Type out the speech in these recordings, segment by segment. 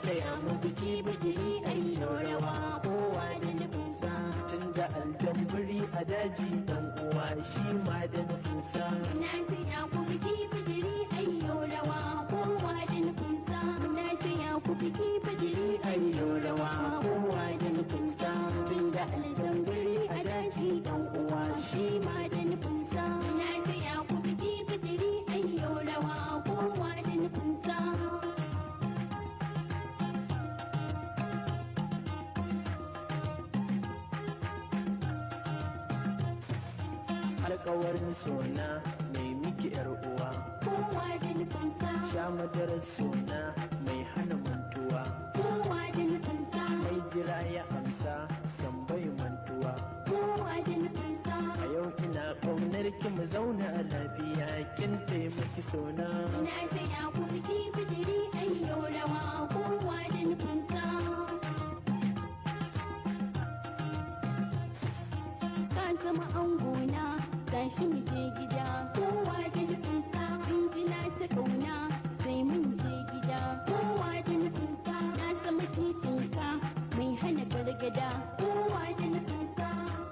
kai mu biki bijiri a yi rawa kowa da nufinsa tun da aljamburi a daji dan uwa shi ma da nufinsa na taya ku biki bijiri a yi rawa kowa da nufinsa na taya ku biki alkawarin suna mai miki yar uwa kowa da nufinsa sha madarar suna mai hana mantuwa kowa da nufinsa mai jira ya amsa san bai mantuwa kowa da nufinsa a yau ina ƙaunar ki mu zauna a lafiya kin taimaki suna ina ta kurki rawa kowa zama an tashi mu je gida kowa da nufinsa an jina ta kauna sai mun je gida kowa da nufinsa na sama titinka mai hana gargada kowa da nufinsa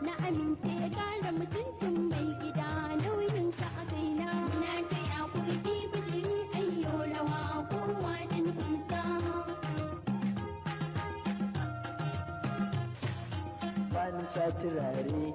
na aminta ya kara mutuncin mai gida nauyinsa a kaina na ta ya kuka kibiri ayyo rawa kowa da nufinsa Bani sa turare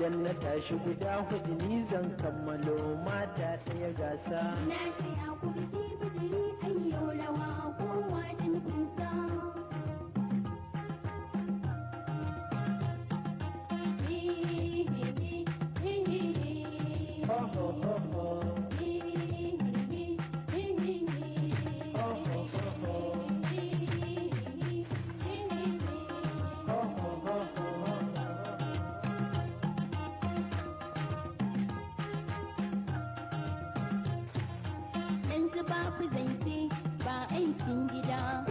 idan na tashi guda hudu ni zan kammalo mata ɗaya gasa na ce a kurki bidiri ayyo rawa kowa dan yanzu babu zance ba aikin gida